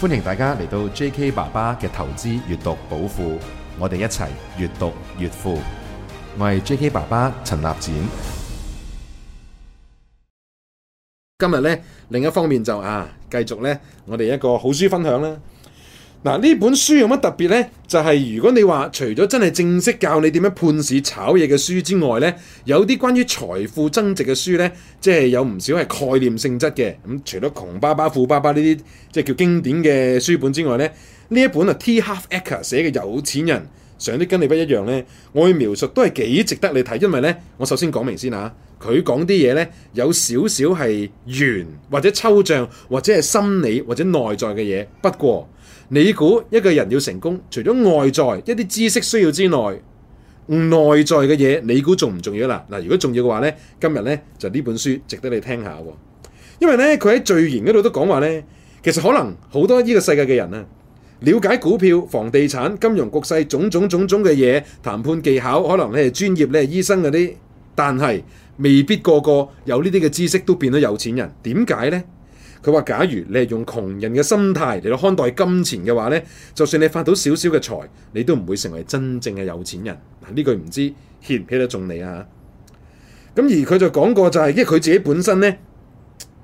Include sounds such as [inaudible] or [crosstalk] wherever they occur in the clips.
歡迎大家嚟到 J.K. 爸爸嘅投資閱讀寶庫，我哋一齊越讀越富。我係 J.K. 爸爸陳立展。今日呢，另一方面就啊，繼續呢，我哋一個好書分享啦。嗱呢本書有乜特別呢？就係、是、如果你話除咗真係正式教你點樣判市炒嘢嘅書之外呢，有啲關於財富增值嘅書呢，即係有唔少係概念性質嘅。咁除咗窮爸爸富爸爸呢啲即係叫經典嘅書本之外咧，呢一本啊 T Harv Eker 寫嘅有錢人，想啲跟你不一樣呢。我嘅描述都係幾值得你睇，因為呢，我首先講明先嚇、啊，佢講啲嘢呢，有少少係玄或者抽象或者係心理或者內在嘅嘢，不過。你估一個人要成功，除咗外在一啲知識需要之外，內在嘅嘢你估重唔重要啊？嗱，如果重要嘅話呢，今日呢，就呢本書值得你聽下喎。因為呢，佢喺序言嗰度都講話呢，其實可能好多呢個世界嘅人啊，了解股票、房地產、金融、局勢、種種種種嘅嘢、談判技巧，可能你係專業，你係醫生嗰啲，但係未必個個有呢啲嘅知識都變咗有錢人，點解呢？佢話：假如你係用窮人嘅心態嚟到看待金錢嘅話呢，就算你發到少少嘅財，你都唔會成為真正嘅有錢人。嗱，呢句唔知欠唔欠得中你啊。咁而佢就講過就係、是，因為佢自己本身呢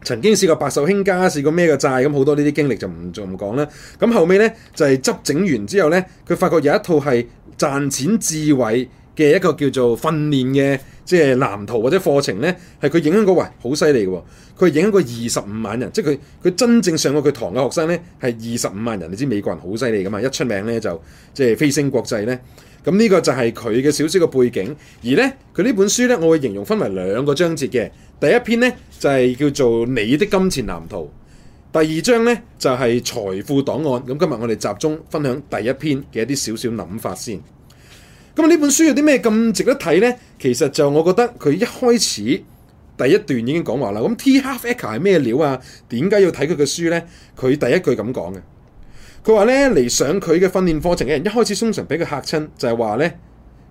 曾經試過白手興家，試過咩嘅債。咁好多呢啲經歷就唔做唔講啦。咁後尾呢，就係、是、執整完之後呢，佢發覺有一套係賺錢智慧。嘅一個叫做訓練嘅即係藍圖或者課程呢，係佢影響個位好犀利嘅喎，佢、哦、影響個二十五萬人，即係佢佢真正上過佢堂嘅學生呢，係二十五萬人。你知美國人好犀利㗎嘛，一出名呢就即係飛升國際呢。咁呢個就係佢嘅少少嘅背景。而呢，佢呢本書呢，我會形容分為兩個章節嘅。第一篇呢，就係、是、叫做你的金錢藍圖，第二章呢，就係、是、財富檔案。咁今日我哋集中分享第一篇嘅一啲少少諗法先。咁呢本書有啲咩咁值得睇呢？其實就我覺得佢一開始第一段已經講話啦。咁 T Harv Eker 係咩料啊？點解要睇佢嘅書呢？佢第一句咁講嘅，佢話呢，嚟上佢嘅訓練課程嘅人，一開始通常俾佢嚇親，就係話呢，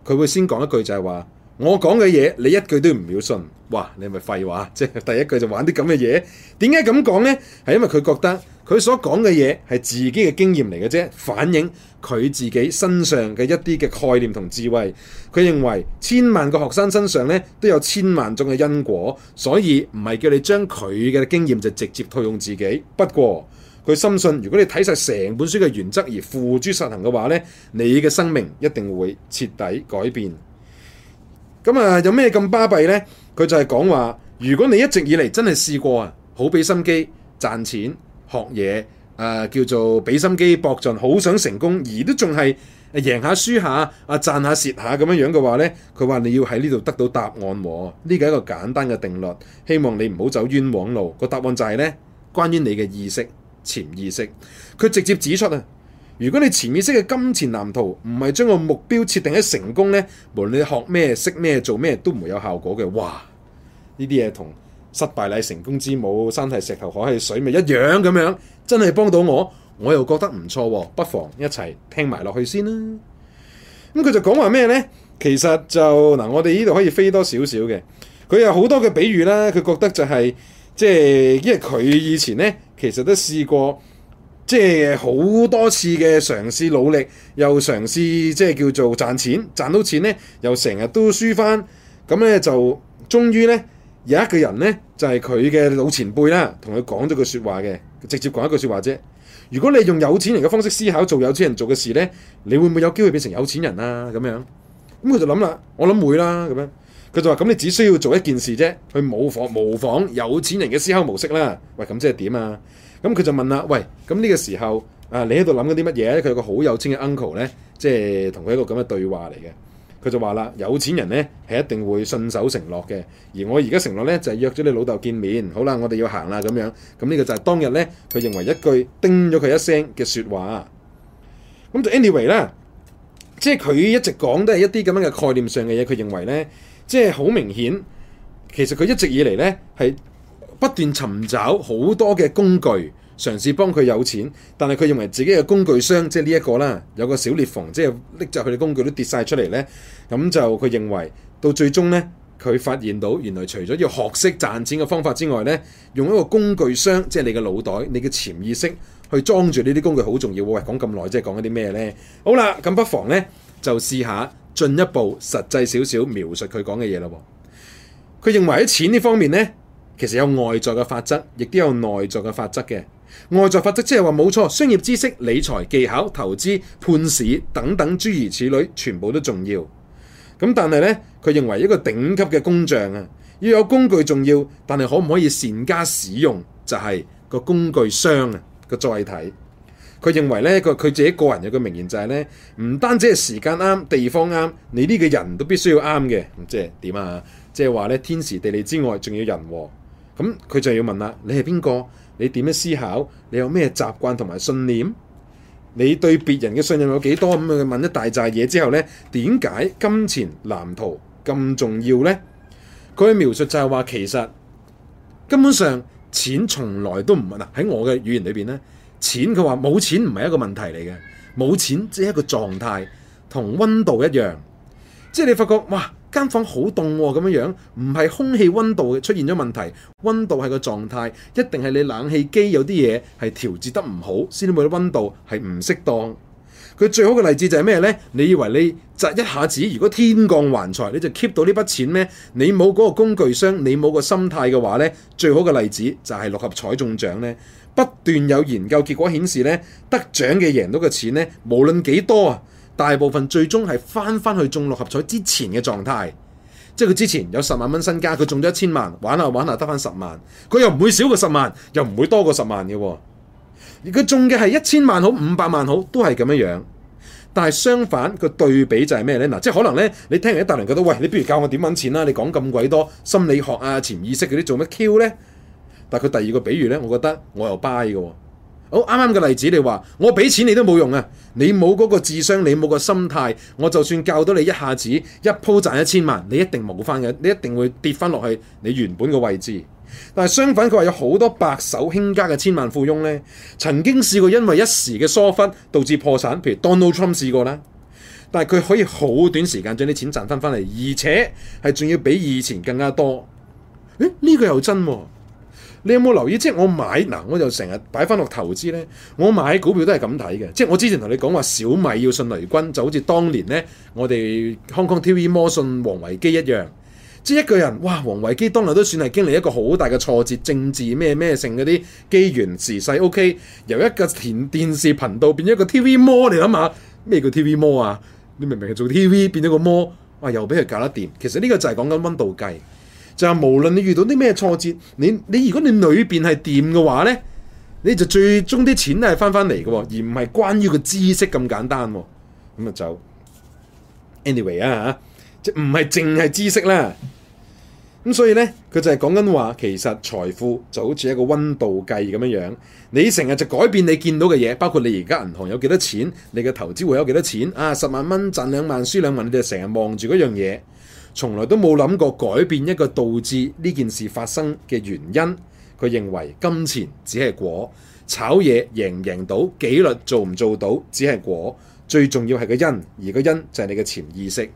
佢會先講一句就係話。我講嘅嘢，你一句都唔要信，哇！你係咪廢話？即係第一句就玩啲咁嘅嘢？點解咁講呢？係因為佢覺得佢所講嘅嘢係自己嘅經驗嚟嘅啫，反映佢自己身上嘅一啲嘅概念同智慧。佢認為千萬個學生身上呢都有千萬種嘅因果，所以唔係叫你將佢嘅經驗就直接套用自己。不過佢深信，如果你睇晒成本書嘅原則而付諸實行嘅話呢，你嘅生命一定會徹底改變。咁、嗯、啊，有咩咁巴閉呢？佢就係講話，如果你一直以嚟真係試過啊，好俾心機賺錢學嘢，誒、呃、叫做俾心機搏盡，好想成功，而都仲係贏下輸下，啊賺下蝕下咁樣樣嘅話呢，佢話你要喺呢度得到答案喎。呢個係一個簡單嘅定律，希望你唔好走冤枉路。個答案就係呢：「關於你嘅意識、潛意識」，佢直接指出啊。如果你潛意識嘅金錢藍圖唔係將個目標設定喺成功呢，無論你學咩、識咩、做咩都唔會有效果嘅。哇！呢啲嘢同失敗乃成功之母、山體石頭海係水咪一樣咁樣，真係幫到我，我又覺得唔錯，不妨一齊聽埋落去先啦。咁佢就講話咩呢？其實就嗱，我哋呢度可以飛多少少嘅。佢有好多嘅比喻啦。佢覺得就係、是、即係因為佢以前呢，其實都試過。即係好多次嘅嘗試努力，又嘗試即係叫做賺錢，賺到錢呢，又成日都輸翻。咁呢，就終於呢有一個人呢，就係佢嘅老前輩啦，同佢講咗句説話嘅，直接講一句説話啫。如果你用有錢人嘅方式思考，做有錢人做嘅事呢，你會唔會有機會變成有錢人啊？咁樣咁佢就諗啦，我諗會啦咁樣。佢就話：咁你只需要做一件事啫，去模仿模仿有錢人嘅思考模式啦。喂，咁即係點啊？咁佢就問啦，喂，咁呢個時候啊，你喺度諗緊啲乜嘢咧？佢有個好有錢嘅 uncle 咧，即係同佢一個咁嘅對話嚟嘅。佢就話啦，有錢人咧係一定會信守承諾嘅。而我而家承諾咧就係約咗你老豆見面。好啦，我哋要行啦咁樣。咁呢個就係當日咧，佢認為一句叮咗佢一聲嘅説話。咁，anyway 啦，即係佢一直講都係一啲咁樣嘅概念上嘅嘢。佢認為咧，即係好明顯，其實佢一直以嚟咧係。不斷尋找好多嘅工具，嘗試幫佢有錢，但係佢認為自己嘅工具箱即係呢一個啦，有個小裂縫，即係拎咗佢嘅工具都跌晒出嚟呢。咁就佢認為到最終呢，佢發現到原來除咗要學識賺錢嘅方法之外呢，用一個工具箱，即係你嘅腦袋、你嘅潛意識去裝住呢啲工具好重要。喂，講咁耐，即係講緊啲咩呢？好啦，咁不妨呢，就試下進一步實際少少描述佢講嘅嘢咯。佢認為喺錢呢方面呢。其實有外在嘅法則，亦都有內在嘅法則嘅。外在法則即係話冇錯，商業知識、理財技巧、投資判市等等諸如此類，全部都重要。咁但係呢，佢認為一個頂級嘅工匠啊，要有工具重要，但係可唔可以善加使用，就係、是、個工具箱啊個載體。佢認為呢，佢佢自己個人有個名言就係、是、呢：「唔單止係時間啱、地方啱，你呢個人都必須要啱嘅。」即係點啊？即係話呢，天時地利之外，仲要人和。咁佢就要問啦，你係邊個？你點樣思考？你有咩習慣同埋信念？你對別人嘅信任有幾多？咁佢問一大扎嘢之後呢，點解金錢藍圖咁重要呢？佢嘅描述就係話，其實根本上錢從來都唔係啊喺我嘅語言裏邊呢，錢佢話冇錢唔係一個問題嚟嘅，冇錢即係一個狀態同溫度一樣，即係你發覺哇！間房好凍咁樣樣，唔係空氣温度出現咗問題，温度係個狀態，一定係你冷氣機有啲嘢係調節得唔好，先至會温度係唔適當。佢最好嘅例子就係咩呢？你以為你窒一下子，如果天降橫財，你就 keep 到呢筆錢咩？你冇嗰個工具箱，你冇個心態嘅話呢，最好嘅例子就係六合彩中獎呢。不斷有研究結果顯示呢，得獎嘅贏到嘅錢呢，無論幾多啊！大部分最終係翻翻去中六合彩之前嘅狀態，即係佢之前有十萬蚊身家，佢中咗一千萬，玩下玩下得翻十萬，佢又唔會少過十萬，又唔會多過十萬嘅。而佢中嘅係一千萬好，五百萬好，都係咁樣樣。但係相反，個對比就係咩呢？嗱，即係可能呢，你聽完一大輪覺得，喂，你不如教我點揾錢啦，啊？你講咁鬼多心理學啊、潛意識嗰啲，做乜 Q 呢？」但佢第二個比喻呢，我覺得我又 buy 嘅。好，啱啱嘅例子，你話我俾錢你都冇用啊！你冇嗰個智商，你冇個心態，我就算教到你一下子一鋪賺一千萬，你一定冇翻嘅，你一定會跌翻落去你原本嘅位置。但係相反，佢話有好多白手興家嘅千萬富翁呢，曾經試過因為一時嘅疏忽導致破產，譬如 Donald Trump 試過啦。但係佢可以好短時間將啲錢賺翻翻嚟，而且係仲要比以前更加多。誒，呢個又真喎，啊！你有冇留意？即係我買嗱，我就成日擺翻落投資咧。我買股票都係咁睇嘅。即係我之前同你講話小米要信雷軍，就好似當年咧，我哋 Hong Kong TV 魔信王維基一樣。即係一個人，哇！王維基當日都算係經歷一個好大嘅挫折，政治咩咩性嗰啲機緣時勢 OK。由一個電電視頻道變咗個 TV 魔，你諗下咩叫 TV 魔啊？你明明係做 TV 變咗個魔，哇！又俾佢搞得掂。其實呢個就係講緊温度計。就係無論你遇到啲咩挫折，你你如果你裏邊係掂嘅話咧，你就最終啲錢都係翻翻嚟嘅，而唔係關於個知識咁簡單。咁啊就 anyway 啊嚇，即唔係淨係知識啦。咁所以咧，佢就係講緊話，其實財富就好似一個温度計咁樣樣。你成日就改變你見到嘅嘢，包括你而家銀行有幾多錢，你嘅投資會有幾多錢啊？十萬蚊賺兩萬，輸兩萬，你就成日望住嗰樣嘢。從來都冇諗過改變一個導致呢件事發生嘅原因。佢認為金錢只係果，炒嘢贏唔贏到紀律做唔做到只係果，最重要係個因，而個因就係你嘅潛意識。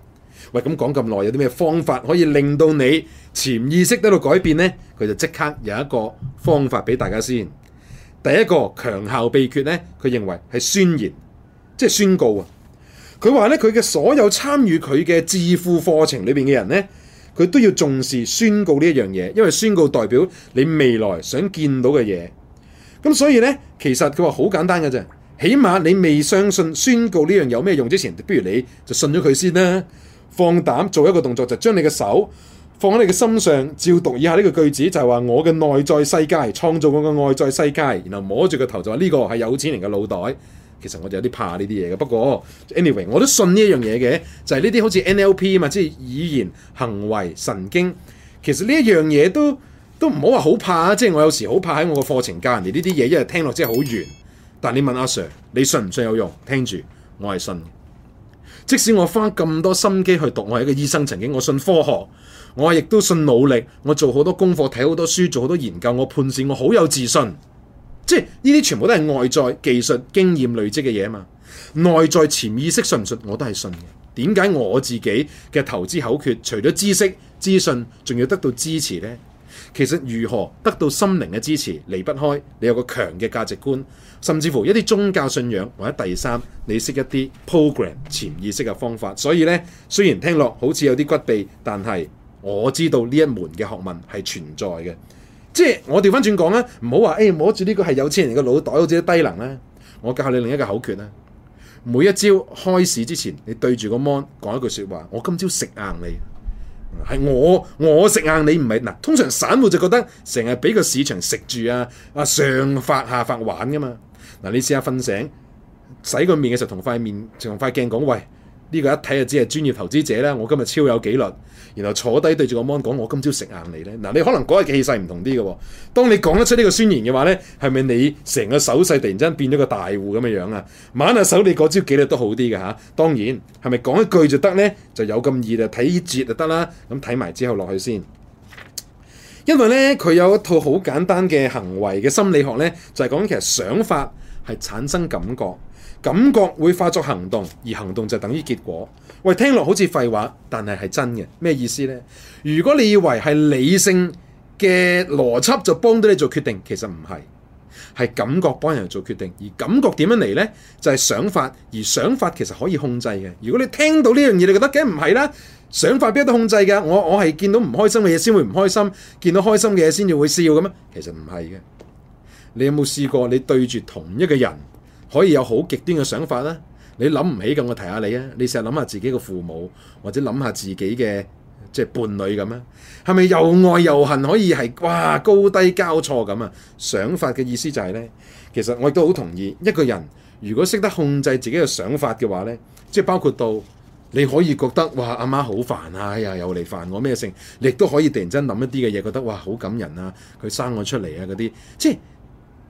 喂，咁講咁耐，有啲咩方法可以令到你潛意識得到改變呢？佢就即刻有一個方法俾大家先。第一個強效秘訣呢，佢認為係宣言，即係宣告啊！佢話咧，佢嘅所有參與佢嘅致富課程裏邊嘅人呢，佢都要重視宣告呢一樣嘢，因為宣告代表你未來想見到嘅嘢。咁所以呢，其實佢話好簡單嘅啫，起碼你未相信宣告呢樣有咩用之前，不如你就信咗佢先啦。放膽做一個動作，就將你嘅手放喺你嘅心上，照讀以下呢個句子，就係話我嘅內在世界創造我嘅外在世界，然後摸住個頭就話呢個係有錢人嘅腦袋。其實我就有啲怕呢啲嘢嘅，不過 anyway 我都信呢一樣嘢嘅，就係呢啲好似 NLP 啊嘛，即係語言行為神經。其實呢一樣嘢都都唔好話好怕啊！即係我有時好怕喺我個課程教人哋呢啲嘢，一日聽落真係好玄。但你問阿 Sir，你信唔信有用？聽住我係信。即使我花咁多心機去讀，我係一個醫生曾經，我信科學，我亦都信努力。我做好多功課，睇好多書，做好多研究，我判斷我好有自信。即係呢啲全部都係外在技術經驗累積嘅嘢嘛，內在潛意識信唔信我都係信嘅。點解我自己嘅投資口訣，除咗知識資訊，仲要得到支持呢？其實如何得到心靈嘅支持，離不開你有個強嘅價值觀，甚至乎一啲宗教信仰或者第三，你識一啲 program 潛意識嘅方法。所以呢，雖然聽落好似有啲骨痹，但係我知道呢一門嘅學問係存在嘅。即係我調翻轉講啦，唔好話誒摸住呢個係有錢人嘅腦袋好似低能啦。我教下你另一個口訣啦，每一朝開市之前，你對住個芒講一句說話，我今朝食硬你，係我我食硬你，唔係嗱。通常散戶就覺得成日俾個市場食住啊，啊上發下發玩噶嘛。嗱，你試下瞓醒，洗個面嘅時候同塊面同塊鏡講喂。呢個一睇就只係專業投資者啦。我今日超有紀律，然後坐低對住個 mon 講我今朝食硬嚟呢，嗱，你可能嗰日氣勢唔同啲嘅。當你講得出呢個宣言嘅話呢，係咪你成個手勢突然間變咗個大戶咁嘅樣啊？晚下手你嗰招紀律都好啲嘅嚇。當然係咪講一句就得呢？就有咁易就睇節就得啦。咁睇埋之後落去先，因為呢，佢有一套好簡單嘅行為嘅心理學呢，就係講其實想法。係產生感覺，感覺會化作行動，而行動就等於結果。喂，聽落好似廢話，但係係真嘅。咩意思呢？如果你以為係理性嘅邏輯就幫到你做決定，其實唔係，係感覺幫人做決定。而感覺點樣嚟呢？就係想法，而想法其實可以控制嘅。如果你聽到呢樣嘢，你覺得梗唔係啦，想法邊得控制嘅？我我係見到唔開心嘅嘢先會唔開心，見到開心嘅嘢先至會笑嘅咩？其實唔係嘅。你有冇試過你對住同一個人可以有好極端嘅想法呢？你諗唔起咁，我提下你啊。你成日諗下自己嘅父母，或者諗下自己嘅即係伴侶咁啊，係咪又愛又恨？可以係哇高低交錯咁啊？想法嘅意思就係呢。其實我亦都好同意，一個人如果識得控制自己嘅想法嘅話呢，即係包括到你可以覺得哇阿媽好煩啊，哎呀又又嚟煩我咩性，亦都可以突然間諗一啲嘅嘢，覺得哇好感人啊，佢生我出嚟啊嗰啲，即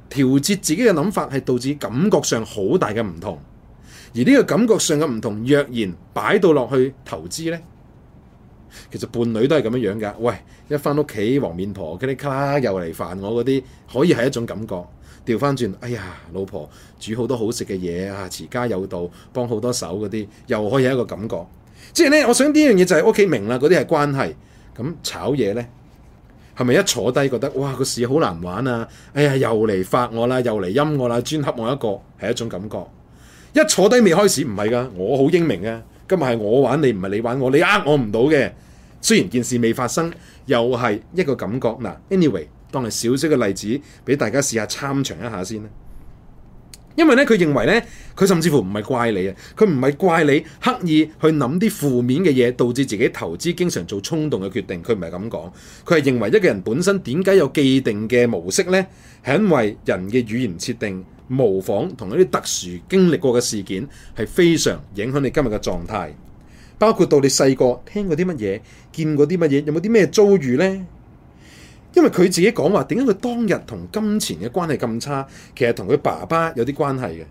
調節自己嘅諗法係導致感覺上好大嘅唔同，而呢個感覺上嘅唔同，若然擺到落去投資呢？其實伴侶都係咁樣樣噶。喂，一翻屋企，黃面婆嗰啲咔又嚟煩我嗰啲，可以係一種感覺。調翻轉，哎呀，老婆煮好多好食嘅嘢啊，持家有道，幫好多手嗰啲，又可以有一個感覺。即係呢，我想呢樣嘢就係屋企明啦，嗰啲係關係。咁炒嘢呢？係咪一坐低覺得哇個市好難玩啊？哎呀又嚟發我啦，又嚟陰我啦，專黑我一個係一種感覺。一坐低未開始唔係㗎，我好英明啊！今日係我玩你，唔係你玩我，你呃我唔到嘅。雖然件事未發生，又係一個感覺嗱。Anyway，當係少少嘅例子俾大家試下參詳一下先啦。因為咧，佢認為咧，佢甚至乎唔係怪你啊，佢唔係怪你刻意去諗啲負面嘅嘢，導致自己投資經常做衝動嘅決定。佢唔係咁講，佢係認為一個人本身點解有既定嘅模式呢？係因為人嘅語言設定、模仿同一啲特殊經歷過嘅事件，係非常影響你今日嘅狀態。包括到你細個聽過啲乜嘢，見過啲乜嘢，有冇啲咩遭遇呢？因為佢自己講話，點解佢當日同金錢嘅關係咁差，其實同佢爸爸有啲關係嘅。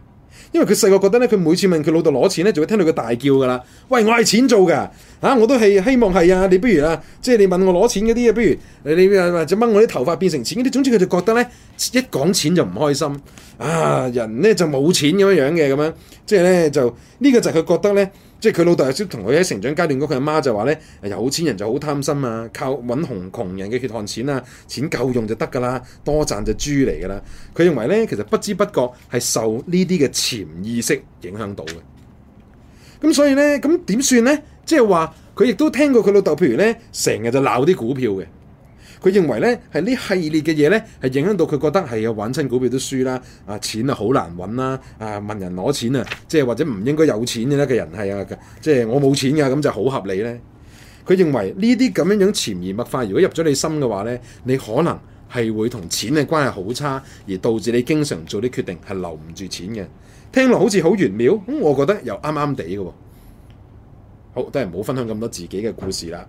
因為佢細個覺得咧，佢每次問佢老豆攞錢咧，就會聽到佢大叫㗎喇。喂，我係錢做㗎。嚇、啊！我都係希望係啊！你不如啊，即係你問我攞錢嗰啲啊，不如你你、啊、或者掹我啲頭髮變成錢嗰啲，總之佢就覺得咧一講錢就唔開心啊！人咧就冇錢咁樣樣嘅咁樣，即係咧就呢、這個就係佢覺得咧，即係佢老豆同佢喺成長階段嗰，佢阿媽就話咧有錢人就好貪心啊，靠揾窮窮人嘅血汗錢啊，錢夠用就得噶啦，多賺隻豬嚟噶啦。佢認為咧，其實不知不覺係受呢啲嘅潛意識影響到嘅。咁所以咧，咁點算咧？即係話佢亦都聽過佢老豆，譬如咧成日就鬧啲股票嘅。佢認為咧係呢系列嘅嘢咧，係影響到佢覺得係要玩親股票都輸啦，啊錢啊好難揾啦，啊問人攞錢啊，即係或者唔應該有錢嘅咧嘅人係啊，即係我冇錢㗎，啊，咁就好合理咧。佢認為呢啲咁樣樣潛移默化，如果入咗你心嘅話咧，你可能係會同錢嘅關係好差，而導致你經常做啲決定係留唔住錢嘅。聽落好似好玄妙，咁我覺得又啱啱地嘅。好，都係唔好分享咁多自己嘅故事啦。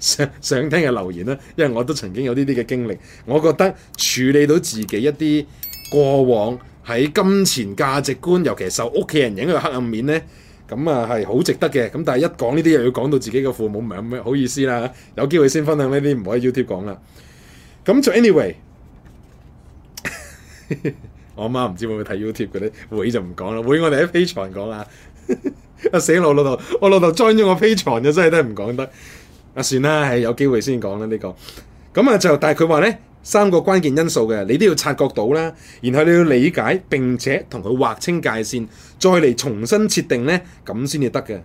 想 [laughs] 聽嘅留言啦，因為我都曾經有呢啲嘅經歷，我覺得處理到自己一啲過往喺金錢價值觀，尤其受屋企人影響嘅黑暗面咧，咁啊係好值得嘅。咁但係一講呢啲又要講到自己嘅父母，唔係咁好意思啦。有機會先分享呢啲，唔可以 YouTube 講啦。咁就 Anyway。 [laughs] 我阿媽唔知會唔會睇 YouTube 嗰啲，會就唔講啦，會我哋喺飛牀講啊！啊 [laughs] 死老老豆，我老豆 join 咗我飛牀就真係都唔講得。啊算啦，係有機會先講啦呢個。咁啊就，但係佢話咧三個關鍵因素嘅，你都要察覺到啦，然後你要理解並且同佢劃清界線，再嚟重新設定咧，咁先至得嘅。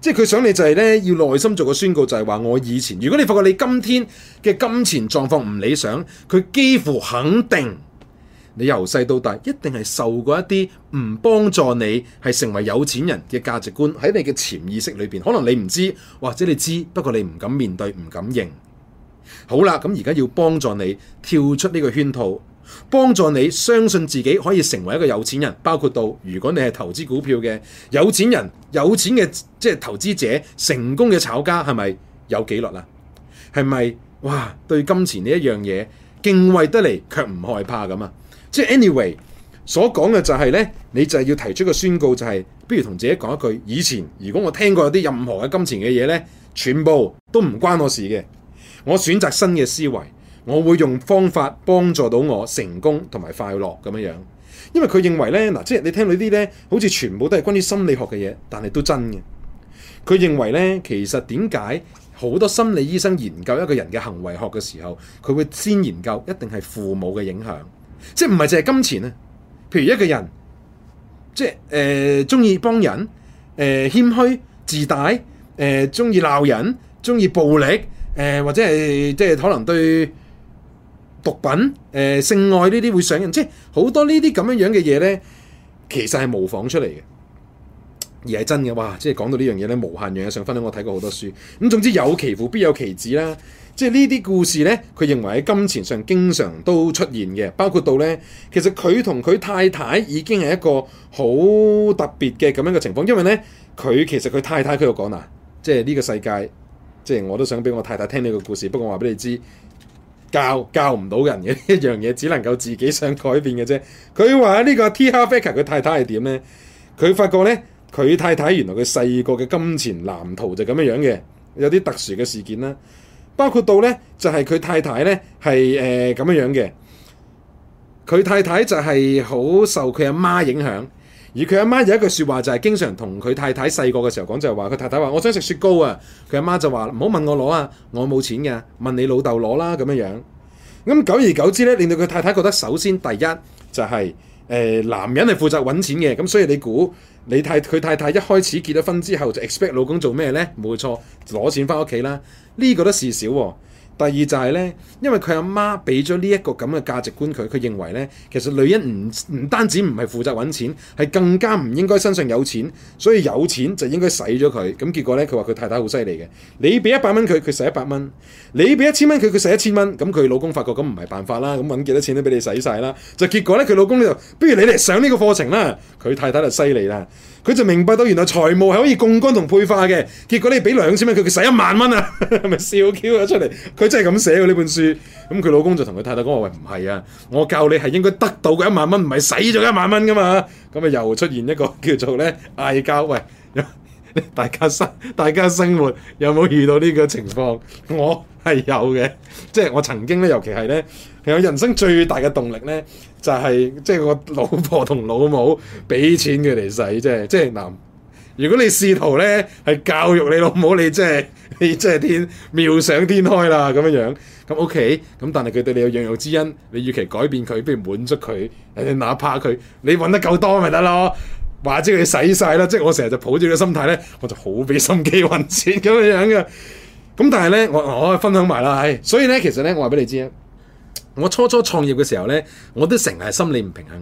即係佢想你就係咧要內心做個宣告，就係、是、話我以前，如果你發覺你今天嘅金錢狀況唔理想，佢幾乎肯定。你由細到大一定係受過一啲唔幫助你係成為有錢人嘅價值觀，喺你嘅潛意識裏邊，可能你唔知，或者你知，不過你唔敢面對，唔敢認。好啦，咁而家要幫助你跳出呢個圈套，幫助你相信自己可以成為一個有錢人，包括到如果你係投資股票嘅有錢人，有錢嘅即係投資者，成功嘅炒家，係咪有紀律啦？啊？係咪哇？對金錢呢一樣嘢敬畏得嚟，卻唔害怕咁啊？即係 anyway，所講嘅就係呢，你就係要提出個宣告，就係，就係不如同自己講一句，以前如果我聽過有啲任何嘅金錢嘅嘢呢，全部都唔關我事嘅。我選擇新嘅思維，我會用方法幫助到我成功同埋快樂咁樣樣。因為佢認為呢，嗱，即係你聽到啲呢，好似全部都係關於心理學嘅嘢，但係都真嘅。佢認為呢，其實點解好多心理醫生研究一個人嘅行為學嘅時候，佢會先研究一定係父母嘅影響。即係唔係淨係金錢啊？譬如一個人，即係誒中意幫人，誒謙虛、自大，誒中意鬧人，中意暴力，誒、呃、或者係即係可能對毒品、誒、呃、性愛呢啲會上癮，即係好多這這呢啲咁樣樣嘅嘢咧，其實係模仿出嚟嘅。而係真嘅，哇！即係講到呢樣嘢咧，無限樣嘢想分享。我睇過好多書，咁總之有其父必有其子啦。即係呢啲故事咧，佢認為喺金錢上經常都出現嘅，包括到咧，其實佢同佢太太已經係一個好特別嘅咁樣嘅情況，因為咧，佢其實佢太太佢度講嗱，即係呢個世界，即係我都想俾我太太聽呢個故事，不過話俾你知，教教唔到人嘅一樣嘢，只能夠自己想改變嘅啫。佢話呢個 T. Harv Eker 佢太太係點咧？佢發覺咧。佢太太原來佢細個嘅金錢藍圖就咁樣樣嘅，有啲特殊嘅事件啦，包括到呢，就係、是、佢太太呢係誒咁樣樣嘅，佢太太就係好受佢阿媽影響，而佢阿媽有一句説話就係經常同佢太太細個嘅時候講就係話，佢太太話我想食雪糕啊，佢阿媽就話唔好問我攞啊，我冇錢嘅，問你老豆攞啦咁樣樣。咁、嗯、久而久之呢，令到佢太太覺得首先第一就係、是。誒男人係負責揾錢嘅，咁所以你估你太佢太太一開始結咗婚之後就 expect 老公做咩咧？冇錯，攞錢返屋企啦，呢、這個都事小喎。第二就係咧，因為佢阿媽俾咗呢一個咁嘅價值觀佢，佢認為咧，其實女人唔唔單止唔係負責揾錢，係更加唔應該身上有錢，所以有錢就應該使咗佢。咁結果咧，佢話佢太太好犀利嘅，你俾一百蚊佢，佢使一百蚊；你俾一千蚊佢，佢使一千蚊。咁佢老公發覺咁唔係辦法啦，咁揾幾多錢都俾你使晒啦。就結果咧，佢老公呢度，不如你嚟上呢個課程啦。佢太太就犀利啦。佢就明白到原來財務係可以槓桿同配化嘅。結果你俾兩千蚊佢，佢使一萬蚊啊，咪笑 Q 咗出嚟。佢真係咁寫喎呢本書。咁佢老公就同佢太太講話：喂，唔係啊，我教你係應該得到嘅一萬蚊，唔係使咗一萬蚊噶嘛。咁咪又出現一個叫做咧嗌交。喂，大家生，大家生活有冇遇到呢個情況？我係有嘅，即係我曾經咧，尤其係咧。人生最大嘅動力咧，就係即係我老婆同老母俾錢佢哋使，即係即係嗱。如果你試圖咧係教育你老母，你即係你即係天妙想天開啦咁樣樣。咁 OK，咁但係佢對你有養育之恩，你與其改變佢，不如滿足佢。你哪怕佢，你搵得夠多咪得咯，或者你使晒啦。即係我成日就抱住個心態咧，我就好俾心機揾錢咁樣樣嘅。咁但係咧，我我分享埋啦，係所以咧，其實咧，我話俾你知啊。我初初創業嘅時候呢，我都成日係心理唔平衡、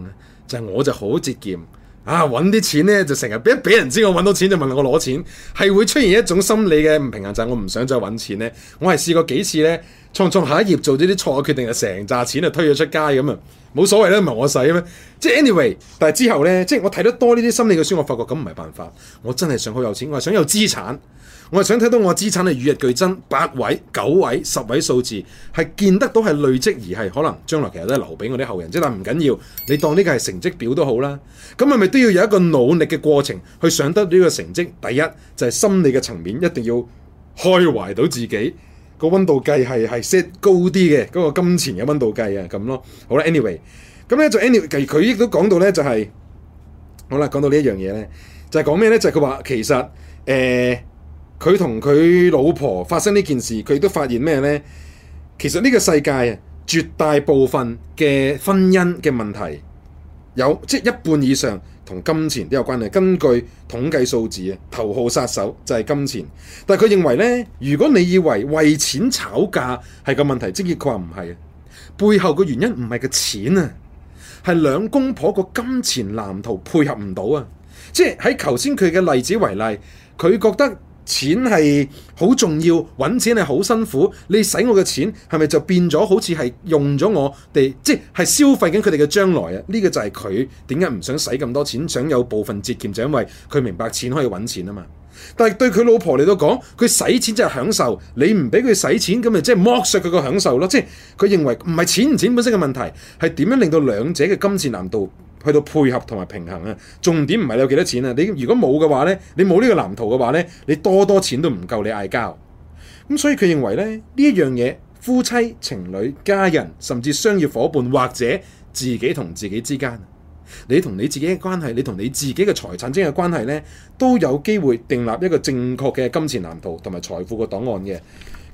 就是、啊！就係我就好節儉啊，揾啲錢呢，就成日俾一俾人知我揾到錢就問我攞錢，係會出現一種心理嘅唔平衡，就係、是、我唔想再揾錢呢，我係試過幾次呢，創創下一頁做咗啲錯嘅決定，就成扎錢就推咗出街咁啊！冇所謂啦，唔係我使咩？即係 anyway，但係之後呢，即係我睇得多呢啲心理嘅書，我發覺咁唔係辦法。我真係想好有錢，我係想有資產。我係想睇到我嘅資產係與日俱增，八位、九位、十位數字係見得到係累積而係可能將來其實都留俾我啲後人，即係但唔緊要，你當呢個係成績表都好啦。咁係咪都要有一個努力嘅過程去上得呢個成績？第一就係心理嘅層面一定要開懷到自己個温度計係係 set 高啲嘅嗰個金錢嘅温度計啊，咁咯。好啦，anyway，咁咧就 anyway，佢亦都講到咧就係好啦，講到呢一樣嘢咧就係講咩咧？就係佢話其實誒。呃佢同佢老婆發生呢件事，佢都發現咩呢？其實呢個世界啊，絕大部分嘅婚姻嘅問題，有即一半以上同金錢都有關係。根據統計數字啊，頭號殺手就係金錢。但係佢認為呢，如果你以為為錢吵架係個問題，職業佢話唔係啊，背後嘅原因唔係個錢啊，係兩公婆個金錢藍圖配合唔到啊。即係喺頭先佢嘅例子為例，佢覺得。錢係好重要，揾錢係好辛苦，你使我嘅錢係咪就變咗好似係用咗我哋，即係消費緊佢哋嘅將來啊？呢個就係佢點解唔想使咁多錢，想有部分節儉，就因為佢明白錢可以揾錢啊嘛。但係對佢老婆嚟到講，佢使錢就係享受，你唔俾佢使錢咁咪即係剝削佢個享受咯。即係佢認為唔係錢唔錢本身嘅問題，係點樣令到兩者嘅金錢難度？去到配合同埋平衡啊！重點唔係你有幾多錢啊！你如果冇嘅話咧，你冇呢個藍圖嘅話咧，你多多錢都唔夠你嗌交。咁所以佢認為咧，呢一樣嘢，夫妻、情侶、家人，甚至商業伙伴或者自己同自己之間，你同你自己嘅關係，你同你自己嘅財產之間嘅關係咧，都有機會訂立一個正確嘅金錢藍圖同埋財富嘅檔案嘅。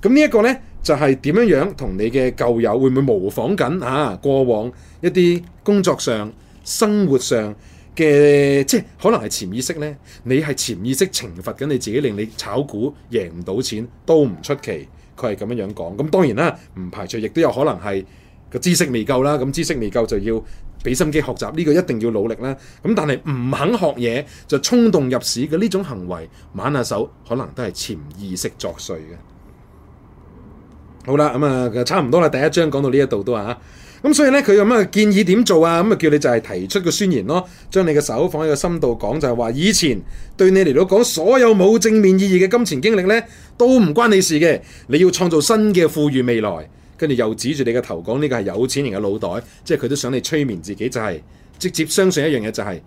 咁呢一個咧，就係、是、點樣樣同你嘅舊友會唔會模仿緊啊？過往一啲工作上。生活上嘅即係可能係潛意識呢。你係潛意識懲罰緊你自己，令你炒股贏唔到錢都唔出奇，佢係咁樣樣講。咁當然啦，唔排除亦都有可能係個知識未夠啦。咁知識未夠就要俾心機學習，呢個一定要努力啦。咁但係唔肯學嘢就衝動入市嘅呢種行為，玩下手可能都係潛意識作祟嘅。好啦，咁啊差唔多啦，第一章講到呢一度都啊。咁所以咧，佢有咩建議點做啊？咁啊，叫你就係提出個宣言，咯，將你嘅手放喺個深度講，就係話以前對你嚟到講，所有冇正面意義嘅金錢經歷咧，都唔關你事嘅。你要創造新嘅富裕未來，跟住又指住你嘅頭講，呢個係有錢人嘅腦袋，即係佢都想你催眠自己，就係直接相信一樣嘢，就是，就係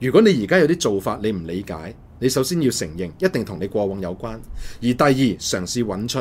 如果你而家有啲做法，你唔理解。你首先要承認，一定同你過往有關；而第二，嘗試揾出；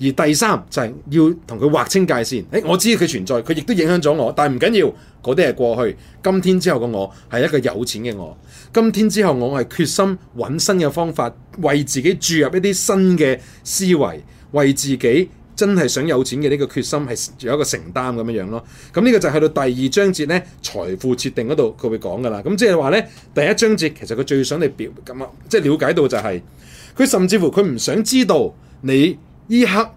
而第三就係要同佢劃清界線。誒，我知佢存在，佢亦都影響咗我，但係唔緊要，嗰啲係過去。今天之後嘅我係一個有錢嘅我。今天之後，我係決心揾新嘅方法，為自己注入一啲新嘅思維，為自己。真係想有錢嘅呢個決心係有一個承擔咁樣樣咯，咁、嗯、呢、這個就去到第二章節呢，財富設定嗰度佢會講噶啦，咁即係話呢，第一章節其實佢最想你表咁啊，即係了解到就係、是、佢甚至乎佢唔想知道你依刻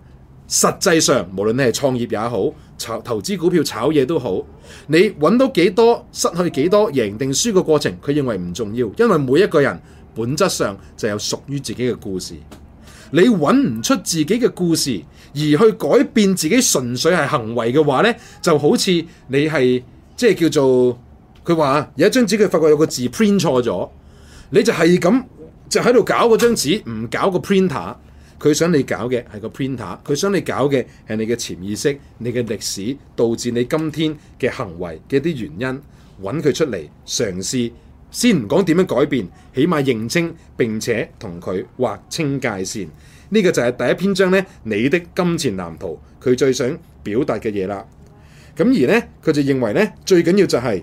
實際上無論你係創業也好投資股票炒嘢都好，你揾到幾多失去幾多贏定輸嘅過程佢認為唔重要，因為每一個人本質上就有屬於自己嘅故事。你揾唔出自己嘅故事，而去改變自己，純粹係行為嘅話呢，就好似你係即係叫做佢話有一張紙，佢發覺有個字 print 錯咗，你就係咁就喺度搞嗰張紙，唔搞個 printer。佢想你搞嘅係個 printer，佢想你搞嘅係你嘅潛意識、你嘅歷史，導致你今天嘅行為嘅啲原因揾佢出嚟嘗試。先唔講點樣改變，起碼認清並且同佢劃清界線。呢個就係第一篇章呢：「你的金錢藍圖」，佢最想表達嘅嘢啦。咁而呢，佢就認為呢，最緊要就係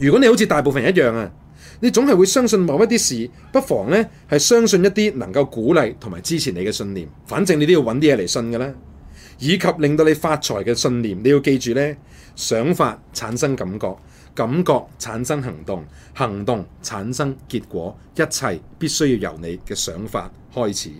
如果你好似大部分人一樣啊，你總係會相信某一啲事，不妨呢係相信一啲能夠鼓勵同埋支持你嘅信念。反正你都要揾啲嘢嚟信嘅啦，以及令到你發財嘅信念。你要記住呢，想法產生感覺。感覺產生行動，行動產生結果，一切必須要由你嘅想法開始。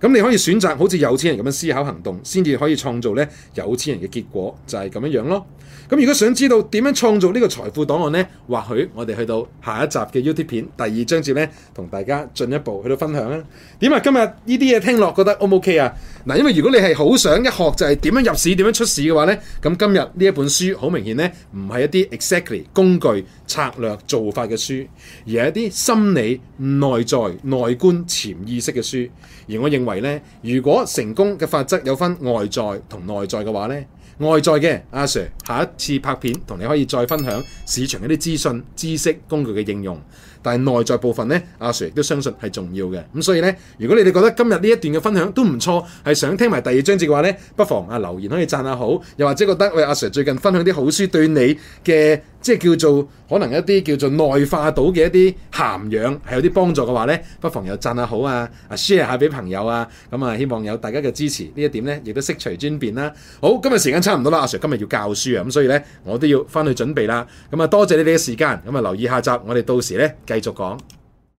咁你可以選擇好似有錢人咁樣思考行動，先至可以創造呢有錢人嘅結果，就係咁樣樣咯。咁如果想知道點樣創造呢個財富檔案呢？或許我哋去到下一集嘅 YouTube 片第二章節呢，同大家進一步去到分享啊。點啊？今日呢啲嘢聽落覺得 O 唔 OK 啊？嗱，因為如果你係好想一學就係點樣入市、點樣出市嘅話呢，咁今日呢一本書好明顯呢，唔係一啲 exactly 工具策略做法嘅書，而係一啲心理內在內觀潛意識嘅書。而我認為呢，如果成功嘅法則有分外在同內在嘅話呢。外在嘅阿 Sir，下一次拍片同你可以再分享市場嘅一啲資訊、知識、工具嘅應用。但係內在部分咧，阿 Sir 亦都相信係重要嘅。咁所以咧，如果你哋覺得今日呢一段嘅分享都唔錯，係想聽埋第二章節嘅話咧，不妨啊留言可以讚下好。又或者覺得喂阿 Sir 最近分享啲好書對你嘅即係叫做可能一啲叫做內化到嘅一啲涵養係有啲幫助嘅話咧，不妨又讚下好啊，share、啊、下俾朋友啊。咁啊，希望有大家嘅支持呢一點咧，亦都悉隨尊便啦。好，今日時間差唔多啦，阿 Sir 今日要教書啊，咁所以咧我都要返去準備啦。咁啊，多謝你哋嘅時間，咁啊留意下集，我哋到時咧。繼續講。